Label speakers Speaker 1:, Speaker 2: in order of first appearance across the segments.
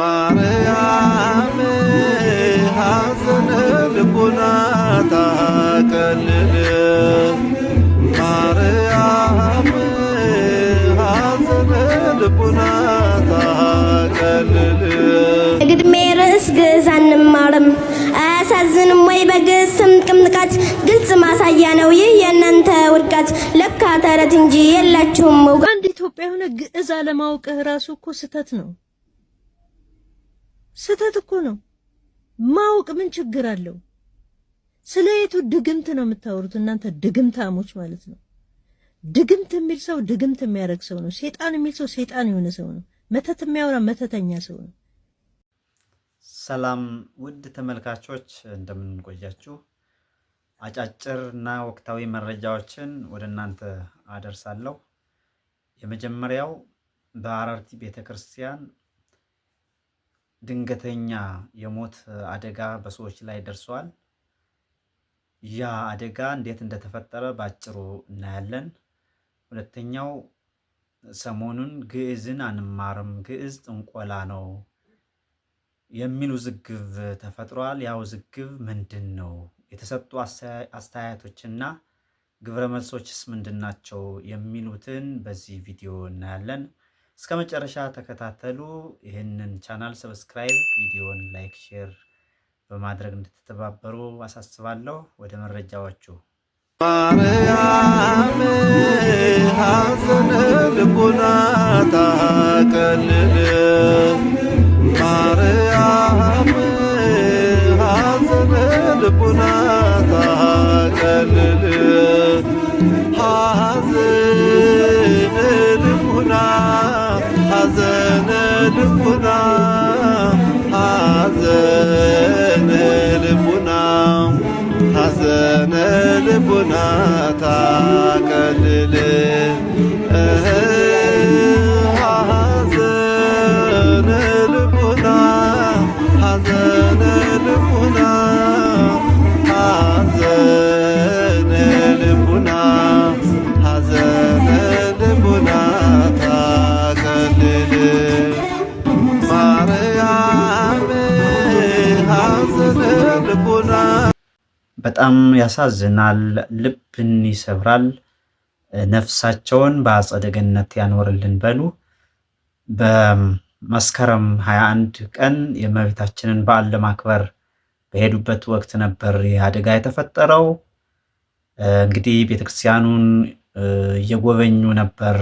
Speaker 1: ማርያም ሐዘን ልቡና ታቀልል ማርያም ሐዘን ልቡና ታቀልል ግድሜ ርዕስ ግዕዝ አንማርም አያሳዝንም ወይ? በግዕዝ ስም ቅምጥቃት ግልጽ ማሳያ ነው ይህ የእናንተ ውድቀት። ለካ ተረት እንጂ የላችሁም እውቀት። አንድ ኢትዮጵያ የሆነ ግዕዝ አለማወቅህ ራሱ እኮ ስህተት ነው። ስህተት እኮ ነው ማወቅ። ምን ችግር አለው? ስለ የቱ ድግምት ነው የምታወሩት እናንተ ድግምታሞች ማለት ነው። ድግምት የሚል ሰው ድግምት የሚያደርግ ሰው ነው። ሴጣን የሚል ሰው ሴጣን የሆነ ሰው ነው። መተት የሚያወራ መተተኛ ሰው ነው። ሰላም ውድ ተመልካቾች እንደምንቆያችሁ፣ አጫጭር እና ወቅታዊ መረጃዎችን ወደ እናንተ አደርሳለሁ። የመጀመሪያው በአራርቲ ቤተክርስቲያን ድንገተኛ የሞት አደጋ በሰዎች ላይ ደርሷል። ያ አደጋ እንዴት እንደተፈጠረ ባጭሩ እናያለን። ሁለተኛው ሰሞኑን ግዕዝን አንማርም፣ ግዕዝ ጥንቆላ ነው የሚል ውዝግብ ተፈጥሯል። ያ ውዝግብ ምንድን ነው? የተሰጡ አስተያየቶችና ግብረ መልሶችስ ምንድን ናቸው? የሚሉትን በዚህ ቪዲዮ እናያለን። እስከ መጨረሻ ተከታተሉ። ይህንን ቻናል ሰብስክራይብ፣ ቪዲዮን ላይክ፣ ሼር በማድረግ እንድትተባበሩ አሳስባለሁ። ወደ መረጃዎቹ ማርያም ሐዘን ልቡና ታቀልል ማርያም ሐዘን ልቡና ታቀልል ልቡና ሐዘነ ልቡና ሐዘነ ልቡና ታቀልል በጣም ያሳዝናል፣ ልብን ይሰብራል። ነፍሳቸውን በአጸደ ገነት ያኖርልን በሉ። በመስከረም 21 ቀን የእመቤታችንን በዓል ለማክበር በሄዱበት ወቅት ነበር አደጋ የተፈጠረው። እንግዲህ ቤተክርስቲያኑን እየጎበኙ ነበር።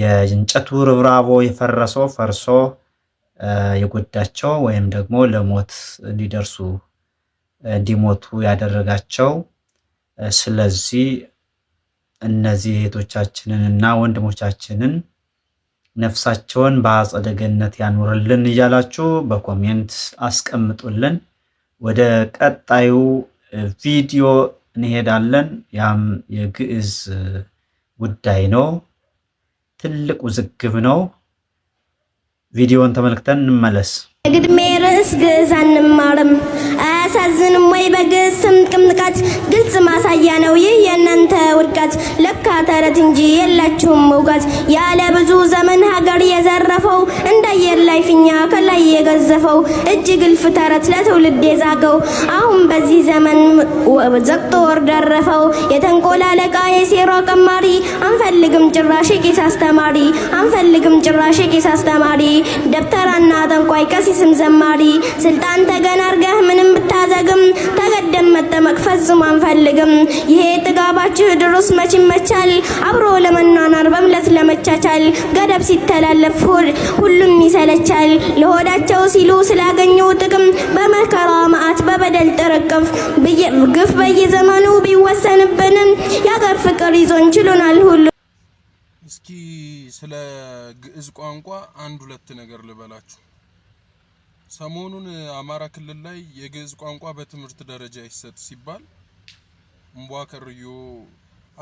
Speaker 1: የእንጨቱ ርብራቦ የፈረሰው ፈርሶ የጎዳቸው ወይም ደግሞ ለሞት ሊደርሱ እንዲሞቱ ያደረጋቸው። ስለዚህ እነዚህ እህቶቻችንን እና ወንድሞቻችንን ነፍሳቸውን በአጸደ ገነት ያኑርልን እያላችሁ በኮሜንት አስቀምጡልን። ወደ ቀጣዩ ቪዲዮ እንሄዳለን። ያም የግዕዝ ጉዳይ ነው። ትልቅ ውዝግብ ነው። ቪዲዮን ተመልክተን እንመለስ። የግድሜ ርዕስ ግዕዝ አንማርም አያሳዝንም ወይ? በግዕዝ ስም ቅምጥቃጭ ግልጽ ማሳያ ነው ይህ የእናንተ ውድቃጭ። ለካ ተረት እንጂ የላችሁም እውቀት። ያለ ብዙ ዘመን ሀገር የዘረፈው እንደ አየር ላይ ፊኛ ከላይ የገዘፈው እጅ ግልፍ ተረት ለትውልድ የዛገው አሁን በዚህ ዘመን ዘግቶ ወርድ አረፈው። የተንኮል የሴራ ቀማሪ አንፈልግም ጭራሽ ቄስ አስተማሪ አንፈልግም ጭራሽ ቄስ አስተማሪ ደብተራና ጠንቋይ ቀሲስም ዘማሪ ስልጣን ተገናርገህ ምንም ብታዘግም ተገደም መጠመቅ ፈጽሞ አንፈልግም። ይሄ ጥጋባችሁ ድሩስ መች ይመቻል አብሮ ለመኗኗር በምለት ለመቻቻል ገደብ ሲተላለፍ ሁሉም ይሰለቻል። ለሆዳቸው ሲሉ ስላገኘው ጥቅም በመከራ መዓት በበደል ጥርቅፍ ግፍ በየዘመኑ ቢወሰንብንም የሀገር ፍቅር ይዞን ችሎናል ሁሉ። እስኪ ስለ ግዕዝ ቋንቋ አንድ ሁለት ነገር ልበላችሁ። ሰሞኑን አማራ ክልል ላይ የግዕዝ ቋንቋ በትምህርት ደረጃ ይሰጥ ሲባል እምቧከርዮ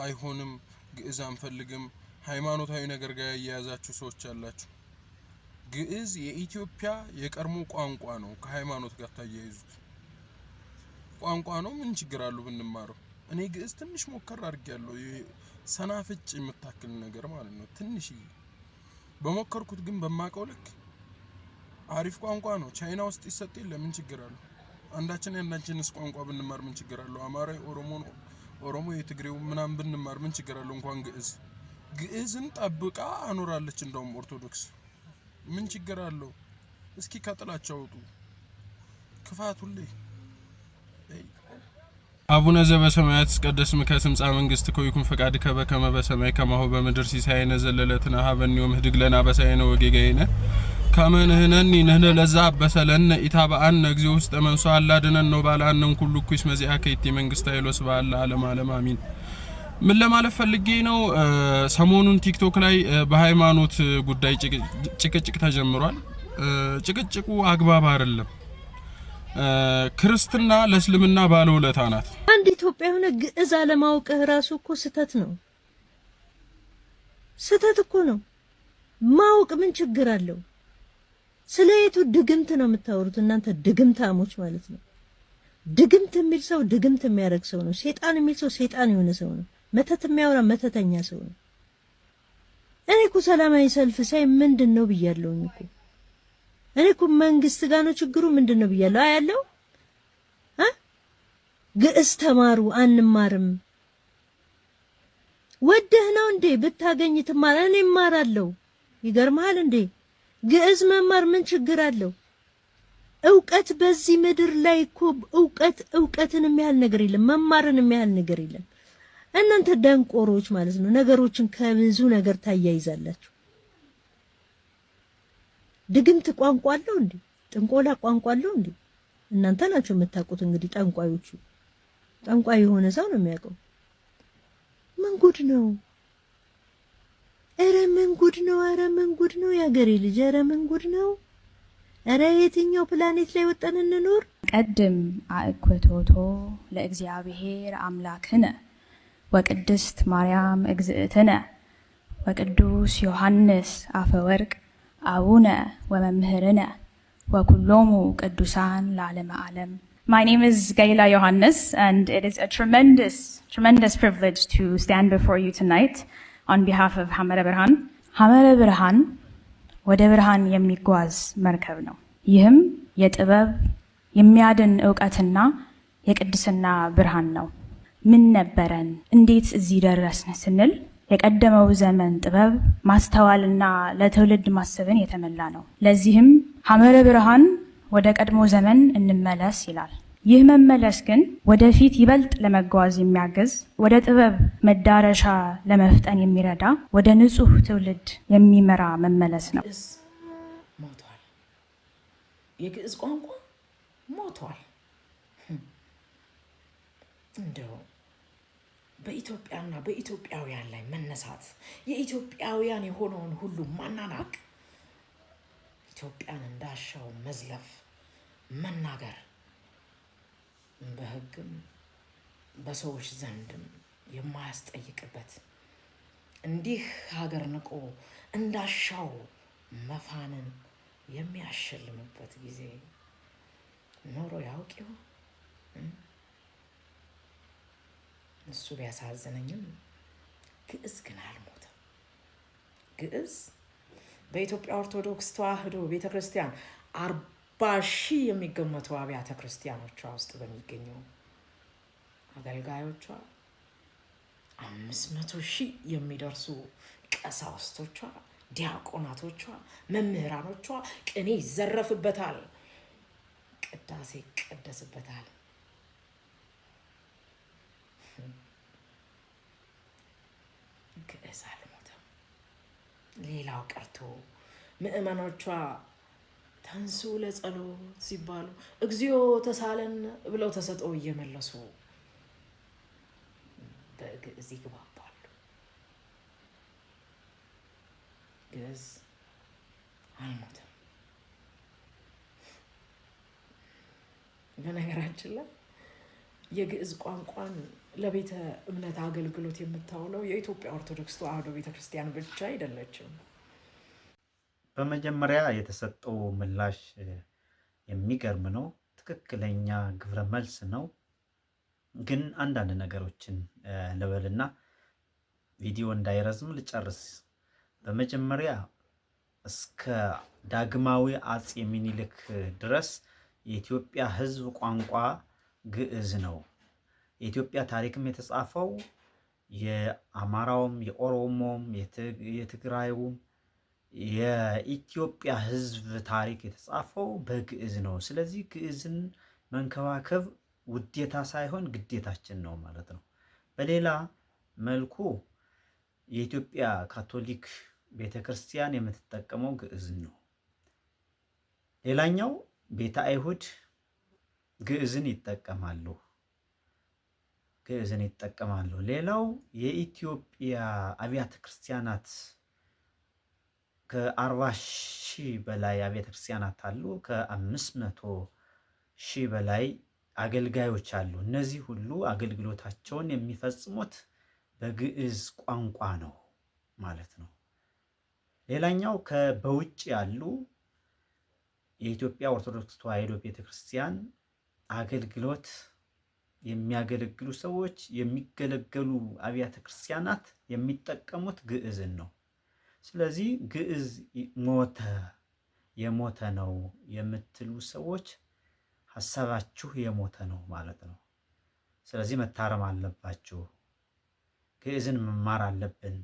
Speaker 1: አይሆንም፣ ግዕዝ አንፈልግም፣ ሃይማኖታዊ ነገር ጋር ያያዛችሁ ሰዎች አላችሁ። ግዕዝ የኢትዮጵያ የቀድሞ ቋንቋ ነው። ከሃይማኖት ጋር ታያይዙት። ቋንቋ ነው። ምን ችግር አለው ብንማረው? እኔ ግዕዝ ትንሽ ሞከር አድርጌያለሁ። ሰናፍጭ የምታክል ነገር ማለት ነው። ትንሽ በሞከርኩት ግን በማቀው ልክ አሪፍ ቋንቋ ነው። ቻይና ውስጥ ይሰጥ የለ ምን ችግር አለው? አንዳችን የአንዳችንስ ቋንቋ ብንማር ምን ችግር አለው? አማራ ነው፣ ኦሮሞ የትግሬው ምናምን ብንማር ምን ችግር አለው? እንኳን ግዕዝ ግዕዝን ጠብቃ አኖራለች። እንደውም ኦርቶዶክስ ምን ችግር አለው? እስኪ ከጥላቻ አውጡ ክፋት ሁሌ አቡነ ዘበሰማያት ይትቀደስ ስምከ ትምጻእ መንግስትከ ወይኩን ፈቃድከ በከመ በሰማይ ከማሁ በምድር ሲሳየነ ዘለለትነ ሀበነ ዮም ህድግ ለነ አበሳየነ ወጌጋየነ ከመ ንሕነኒ ለዛ አበሰለነ ኢታብአነ እግዚኦ ውስጥ መንሶ አላድነነ ነው እምኩሉ ኩሉ መዚአከ መዚያ ከይቲ ኃይል ወስብሐት ለዓለመ ዓለም ዓለም አሚን። ምን ለማለት ፈልጌ ነው? ሰሞኑን ቲክቶክ ላይ በሃይማኖት ጉዳይ ጭቅጭቅ ተጀምሯል። ጭቅጭቁ አግባብ አይደለም። ክርስትና ለእስልምና ባለውለታ ናት። አንድ ኢትዮጵያ የሆነ ግዕዝ አለማወቅህ ራሱ እኮ ስህተት ነው። ስህተት እኮ ነው። ማወቅ ምን ችግር አለው? ስለ የቱ ድግምት ነው የምታወሩት እናንተ ድግምታሞች ማለት ነው። ድግምት የሚል ሰው ድግምት የሚያደርግ ሰው ነው። ሴጣን የሚል ሰው ሴጣን የሆነ ሰው ነው። መተት የሚያወራ መተተኛ ሰው ነው። እኔ እኮ ሰላማዊ ሰልፍ ሳይ ምንድን ነው ብያለሁኝ እኮ እኔ እኮ መንግስት ጋር ነው ችግሩ። ምንድን ነው ብያለሁ ያለው ግዕዝ ተማሩ አንማርም። ወደህ ነው እንዴ? ብታገኝ ትማር። እኔ እማራለሁ። ይገርምሃል እንዴ ግዕዝ መማር ምን ችግር አለው? እውቀት በዚህ ምድር ላይ እኮ እውቀት እውቀትን የሚያህል ነገር የለም። መማርን የሚያህል ነገር የለም። እናንተ ደንቆሮች ማለት ነው ነገሮችን ከብዙ ነገር ታያይዛላችሁ። ድግምት ቋንቋ አለው እንዴ? ጥንቆላ ቋንቋ አለው እንዴ? እናንተ ናችሁ የምታውቁት። እንግዲህ ጠንቋዮቹ ጠንቋይ የሆነ ሰው ነው የሚያውቀው። ምን ጉድ ነው! ኧረ ምን ጉድ ነው! ኧረ ምን ጉድ ነው! የአገሬ ልጅ ኧረ ምን ጉድ ነው! ኧረ የትኛው ፕላኔት ላይ ወጠን እንኖር? ቀድም አእኩቶቶ ለእግዚአብሔር አምላክነ ወቅድስት ማርያም እግዝእትነ ወቅዱስ ዮሐንስ አፈወርቅ አቡነ ወመምህርነ ወኩሎሙ ቅዱሳን ለዓለመ ዓለም። My name is Gaila Johannes, and it is a tremendous, tremendous privilege to stand before you tonight on behalf of ሐመረ ብርሃን። ሐመረ ብርሃን ወደ ብርሃን የሚጓዝ መርከብ ነው። ይህም የጥበብ የሚያድን እውቀትና የቅድስና ብርሃን ነው። ምን ነበረን እንዴት እዚህ ደረስን ስንል የቀደመው ዘመን ጥበብ ማስተዋልና ለትውልድ ማሰብን የተመላ ነው። ለዚህም ሐመረ ብርሃን ወደ ቀድሞ ዘመን እንመለስ ይላል። ይህ መመለስ ግን ወደፊት ይበልጥ ለመጓዝ የሚያግዝ ወደ ጥበብ መዳረሻ ለመፍጠን የሚረዳ ወደ ንጹህ ትውልድ የሚመራ መመለስ ነው። ሞቷል። የግዕዝ ቋንቋ ሞቷል። እንደው በኢትዮጵያና በኢትዮጵያውያን ላይ መነሳት የኢትዮጵያውያን የሆነውን ሁሉ ማናናቅ፣ ኢትዮጵያን እንዳሻው መዝለፍ፣ መናገር በህግም በሰዎች ዘንድም የማያስጠይቅበት እንዲህ ሀገር ንቆ እንዳሻው መፋንን የሚያሸልምበት ጊዜ ኖሮ ያውቅ ይሆን? እሱ ቢያሳዝነኝም ግዕዝ ግን አልሞተም። ግዕዝ በኢትዮጵያ ኦርቶዶክስ ተዋህዶ ቤተ ክርስቲያን አርባ ሺህ የሚገመቱ አብያተ ክርስቲያኖቿ ውስጥ በሚገኙ አገልጋዮቿ አምስት መቶ ሺህ የሚደርሱ ቀሳውስቶቿ፣ ዲያቆናቶቿ፣ መምህራኖቿ ቅኔ ይዘረፍበታል፣ ቅዳሴ ይቀደስበታል። ግዕዝ አልሞተም። ሌላው ቀርቶ ምእመኖቿ ተንሱ ለጸሎት ሲባሉ እግዚኦ ተሳለን ብለው ተሰጠው እየመለሱ በግዕዝ ይግባባሉ። ግዕዝ አልሞተም። በነገራችን ላይ የግዕዝ ቋንቋን ለቤተ እምነት አገልግሎት የምታውለው የኢትዮጵያ ኦርቶዶክስ ተዋሕዶ ቤተክርስቲያን ብቻ አይደለችም። በመጀመሪያ የተሰጠው ምላሽ የሚገርም ነው። ትክክለኛ ግብረ መልስ ነው። ግን አንዳንድ ነገሮችን ልበልና ቪዲዮ እንዳይረዝም ልጨርስ። በመጀመሪያ እስከ ዳግማዊ አፄ ምኒልክ ድረስ የኢትዮጵያ ሕዝብ ቋንቋ ግዕዝ ነው። የኢትዮጵያ ታሪክም የተጻፈው የአማራውም፣ የኦሮሞም፣ የትግራዩም የኢትዮጵያ ሕዝብ ታሪክ የተጻፈው በግዕዝ ነው። ስለዚህ ግዕዝን መንከባከብ ውዴታ ሳይሆን ግዴታችን ነው ማለት ነው። በሌላ መልኩ የኢትዮጵያ ካቶሊክ ቤተ ክርስቲያን የምትጠቀመው ግዕዝን ነው። ሌላኛው ቤተ አይሁድ ግዕዝን ይጠቀማሉ ግዕዝን ይጠቀማሉ። ሌላው የኢትዮጵያ አብያተ ክርስቲያናት ከአርባ ሺህ በላይ አብያተ ክርስቲያናት አሉ። ከአምስት መቶ ሺህ በላይ አገልጋዮች አሉ። እነዚህ ሁሉ አገልግሎታቸውን የሚፈጽሙት በግዕዝ ቋንቋ ነው ማለት ነው። ሌላኛው በውጭ ያሉ የኢትዮጵያ ኦርቶዶክስ ተዋሕዶ ቤተክርስቲያን አገልግሎት የሚያገለግሉ ሰዎች የሚገለገሉ አብያተ ክርስቲያናት የሚጠቀሙት ግዕዝን ነው። ስለዚህ ግዕዝ ሞተ የሞተ ነው የምትሉ ሰዎች ሀሳባችሁ የሞተ ነው ማለት ነው። ስለዚህ መታረም አለባችሁ። ግዕዝን መማር አለብን።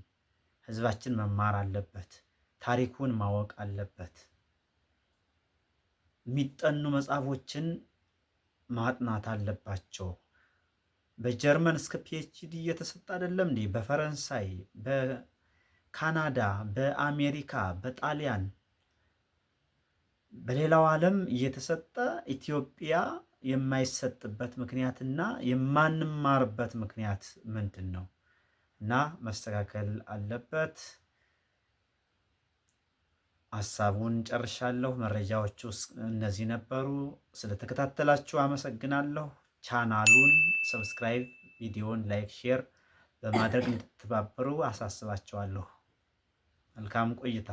Speaker 1: ህዝባችን መማር አለበት። ታሪኩን ማወቅ አለበት። የሚጠኑ መጽሐፎችን ማጥናት አለባቸው። በጀርመን እስከ ፒኤችዲ እየተሰጠ አይደለም እንዴ? በፈረንሳይ፣ በካናዳ፣ በአሜሪካ፣ በጣሊያን፣ በሌላው ዓለም እየተሰጠ ኢትዮጵያ የማይሰጥበት ምክንያትና የማንማርበት ምክንያት ምንድን ነው? እና መስተካከል አለበት። ሀሳቡን ጨርሻለሁ። መረጃዎቹ እነዚህ ነበሩ። ስለተከታተላችሁ አመሰግናለሁ። ቻናሉን ሰብስክራይብ፣ ቪዲዮን ላይክ፣ ሼር በማድረግ እንድትባበሩ አሳስባችኋለሁ። መልካም ቆይታ